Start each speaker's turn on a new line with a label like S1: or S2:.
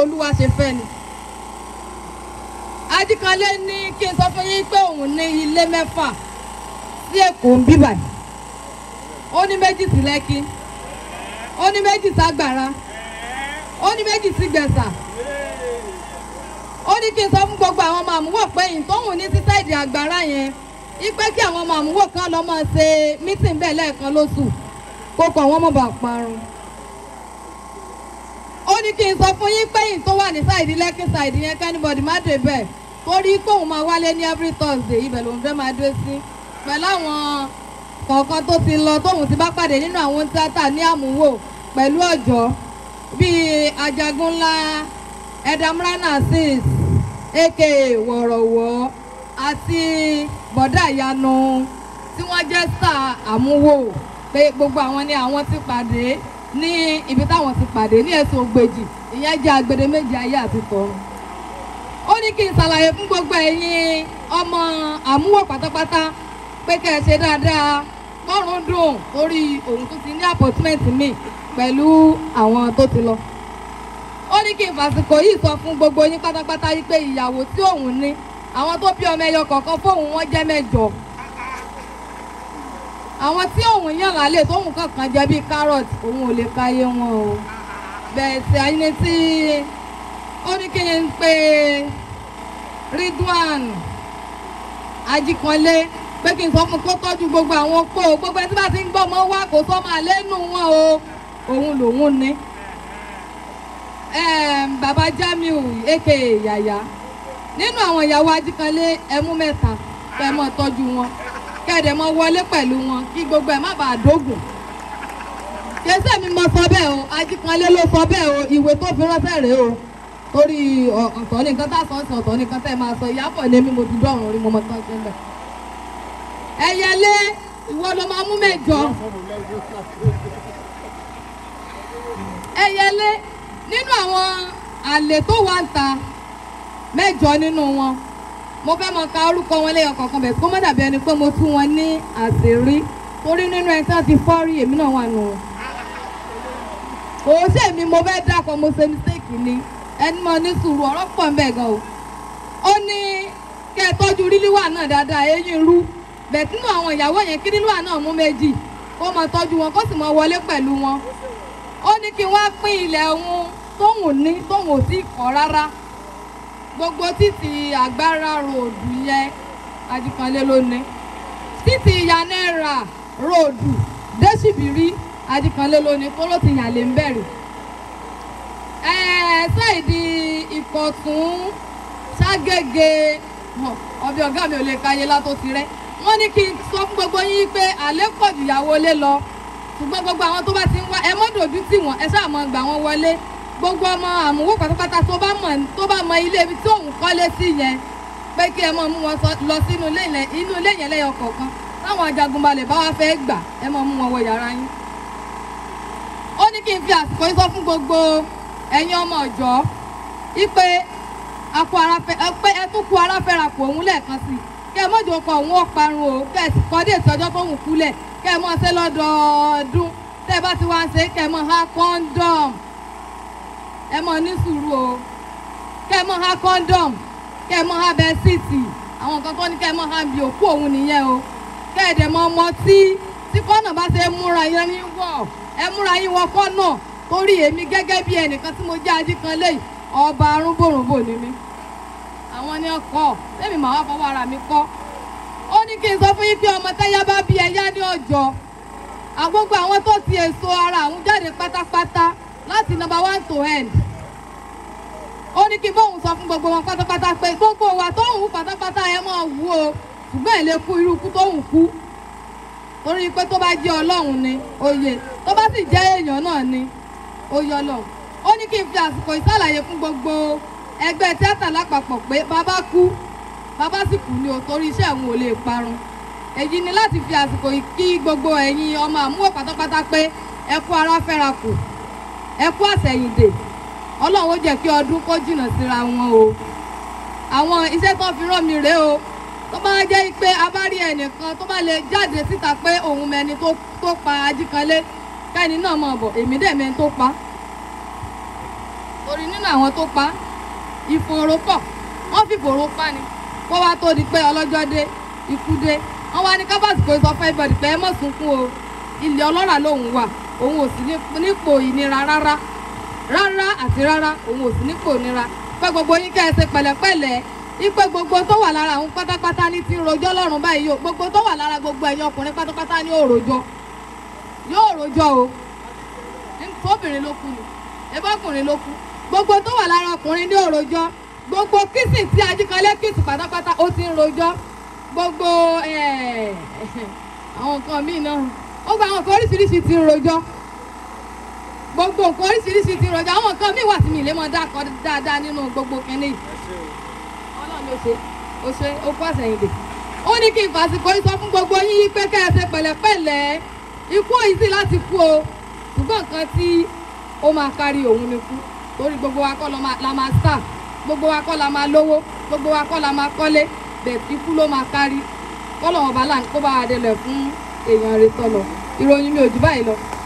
S1: olúwa ṣe fẹ́ ni. Ajíkanlé ní kí n sọ fún yín pé òun ní ilé mẹ́fà sí Èkó ń bíbà yìí. Ó ní méjì sí Lẹ́kí. Ó ní méjì Ó ní kí n sọ gbogbo àwọn ọmọ pé yìí tóun ní sí sáìdì àgbàrá ní kí n sọ fún yín pẹ́yìn tó wà ní sáìdì lẹ́kì sáìdì yẹn kẹ́nìbọ̀dì má dé bẹ́ẹ̀ torí kóun máa wálé ní every Thursday ibẹ̀ lòun fẹ́ máa dé sí pẹ̀lú àwọn kọ̀ọ̀kan tó ti lọ tóun ti bá pàdé nínú àwọn tíátà ní àmúwò pẹ̀lú ọ̀jọ́ bíi Àjàgúnlá Ẹ̀dàmúrà Narcis aka Wọ̀rọ̀wọ́ àti Bọ̀dá Ìyanu tí wọ́n jẹ́ star àmúwò pé gbogbo àwọn ni àwọn ti pàdé ní ibi táwọn ti pàdé ní ẹ̀sùn ògbèjì ìyẹn jẹ́ agbede méjì ayé àti tọ̀run ó ní kí n ṣàlàyé fún gbogbo ẹ̀yin ọmọ àmúwò pátápátá pé kẹ́ ẹ ṣe dáadáa kọ́run dùn orí òun tó ti ní appointment mi pẹ̀lú àwọn tó ti lọ ó ní kí n fàsìkò yìí sọ fún gbogbo yín pátápátá yìí pé ìyàwó tí òun ní àwọn tó bí ọmọ ẹyọ kọ̀ọ̀kan fóun wọ́n jẹ́ mẹ́jọ àwọn tí òun yàn lálẹ́ tóun kankan jẹ bíi carrot òun ò lè káyé wọn o bẹ́ẹ̀ tí ẹni tí ó ní kí n pe Ridwan Ajikanle pé kí n sọ fún kó tọ́jú gbogbo àwọn kó o gbogbo ẹni bá ti ń gbọ́ ọmọ wá kó sọ́mọ àlẹ́nu wọn o òun lòun ní. bàbá Jamiu aka Yaya nínú àwọn ìyàwó Ajikanle ẹ mẹ́ta kẹ́ mọ́ tọ́jú wọn. kẹ́ẹ̀dẹ̀ mọ wọlé pẹ̀lú wọn kí gbogbo ẹ̀ má bàa dógùn kẹsẹ̀ mi mo sọ bẹ́ẹ̀ o Ajíkanlé ló sọ bẹ́ẹ̀ o ìwé tó fi ránṣẹ́ rèé o torí ọ̀tọ̀ ní tá a sọ ní ni ti dọ̀rùn orí mo mọ ṣe ló máa mú mẹ́jọ. mo fẹ́ mọ ka orúkọ wọn lẹ́yọ kọ̀ọ̀kan bẹ̀ kó má dàbí ẹni pé mo tú wọn ní àṣírí torí nínú ẹni tí wọ́n ti fọ́ rí èmi náà wà nù wọn. kò sí mo fẹ́ dàpọ̀ mo ṣe mistake ni ẹni mọ ní sùúrù ọ̀rọ̀ pọ̀ ń bẹ̀ gan o. ó ní kí ẹ tọ́jú rílíwà náà dáadáa eyín rú bẹ̀ nínú àwọn ìyàwó yẹn kí rílíwà náà mú méjì kó mọ tọ́jú wọn kó sì mọ wọlé pẹ̀lú wọn. ó ní kí wọ́n pín ilẹ̀ òun tóun ní tóun ò gbogbo títì Agbára ròdù yẹn Ajíkanlé ló ní títì Yanẹ́ra ròdù désìbírí Ajíkanlé ló ní kóró ti yàn lè ń bẹ̀rẹ̀ ṣáìdì ìkọ̀tún ságége ọbẹ̀ ọ̀gá mi ò lè ka iye látó ti rẹ́ wọ́n ní kí n sọ fún gbogbo yín pé àlẹ́ pọ̀ jù ìyàwó lé lọ ṣùgbọ́n gbogbo àwọn tó bá ti ń wá ẹ mọ́dòdú tì wọ́n ẹ ṣáà mọ́ gbà wọ́n wọlé gbogbo ọmọ àmúwò pátápátá tó bá mọ̀ tó bá mọ ilé ibi tí òun kọ́lé sí yẹn pé kí ẹ máa mú wọn lọ sínú inú ilé yẹn lẹ́yọ kọ̀ọ̀kan táwọn ajagunbalẹ̀ bá wá fẹ́ gbà ẹ máa mú wọn wọ yàrá yín. ó ní kí n fi àsìkò yín sọ fún gbogbo ẹ̀yin ọmọ ọ̀jọ́ ipe pé ẹ tún kú ara òun lẹ́ẹ̀kan sí i kẹ́ ẹ mọ̀jọ kọ òun ọ̀parun o kẹ́ ẹ sì kọ́ dé ìtọ́jọ́ tó ń kúlẹ̀ kẹ́ ẹ mọ̀ ṣe lọ́dọọdún tẹ́ ẹ bá ti wá ń ṣe kẹ́ ẹ mọ̀ ha kọ́ńdọ̀mù ẹ mọ ní sùúrù o kẹ́ mọ ha kọ́ńdọ̀m kẹ́ mọ ha bẹ́sìtì àwọn nǹkan kan ní kẹ́ mọ ha bí òkú òun nìyẹn o kẹ́ ẹ dẹ̀ mọ ọmọ tí tí kọ́nà bá ṣe múra yẹn ní wọ̀ ẹ múra yín wọ kọ́nà torí èmi gẹ́gẹ́ bí ẹnìkan tí mo jẹ́ ají kan léyìí ọba arúgbòrògbò ni mi àwọn ni ọkọ lẹ́mi màá wá fọwọ́ ara mi kọ́ ó ní kí n sọ fún yín pé ọmọ táyá bá bí ẹyá ní ọjọ́ àgbógbó àwọn tó ti èso ara àwọn jáde pátápátá láti number one to end ó ní kí bóun sọ fún gbogbo wọn pátápátá pé gbogbo wa tóun wù pátápátá ẹ máa wù o ṣùgbọ́n ẹ̀ lè kú irú ikú tóun kú torí pé tó bá jẹ́ ọlọ́run ni oyè tó bá sì jẹ́ èèyàn náà ni oyè ọlọ́run ó ní kí n fi àsìkò ìsàlàyé fún gbogbo ẹgbẹ́ tíátà lápapọ̀ pé bàbá kú bàbá sì kú ni o torí iṣẹ́ òun ò lè parun èyí ni láti fi àsìkò kí gbogbo ẹ̀yin ọmọ àmúwò pátápátá pé ẹ kú ara fẹ́ra kù. ẹ kú àsẹ̀yìndè ọlọ́run ó jẹ́ kí ọdún kó jìnnà wọn o àwọn iṣẹ́ tó fi mi rèé o tó bá jẹ́ pé a bá rí ẹnìkan tó bá lè jáde síta pé òun mẹni tó pa ajíkanlé kẹ́ni náà mọ̀ ọ̀bọ̀ èmi dẹ̀ tó pa torí nínú àwọn tó pa ìfòòró pọ̀ wọ́n fi ni kó wá tó di pé ọlọ́jọ́ dé ikú dé wọ́n wá ní o wà òun ò sí nípò ìnira rárá rárá àti rárá òun ò sí nípò ìnira pé gbogbo yín kẹ́ ẹ ṣe pẹ̀lẹ́pẹ̀lẹ́ ipe gbogbo tó wà lára àwọn pátápátá ní ti ń rojọ́ lọ́rùn báyìí yóò gbogbo tó wà lára gbogbo ẹ̀yin ọkùnrin pátápátá ní yóò rojọ́ yóò rojọ́ o obìnrin ló kú ni ẹbọ́kùnrin ló kú gbogbo tó wà lára ọkùnrin ní yóò gbogbo kìsì tí ajíkanlé kìsì pátápátá ó ti ń rojọ́ gbogbo àwọn nǹkan míì náà ó gba àwọn nǹkan oríṣiríṣi ti rojọ́ gbogbo nǹkan oríṣiríṣi ti rojọ́ àwọn nǹkan míì wà tí mi lè mọ dákọ dáadáa nínú gbogbo kínní ọlọ́run ló ṣe ó ṣe ó kọ́ àsẹ̀yìndè ó ní kí n fàsìkò yìí sọ fún gbogbo yín pé kẹ́ ẹ ṣe pẹ̀lẹ́pẹ̀lẹ́ ikú òyìn sí láti kú o ṣùgbọ́n nǹkan tí ó máa kárí òun ni kú torí gbogbo wa kọ́ la máa sà gbogbo wa kọ́ la máa lówó gbogbo wa kọ́ la máa kọ́lé bẹ̀ẹ̀ ikú ló máa kárí kọ́lọ̀ wọn bá là ń kó bá wa délẹ̀ fún èèyàn rẹ̀ tọ́lọ̀ ìròyìn mi ò jù báyìí lọ.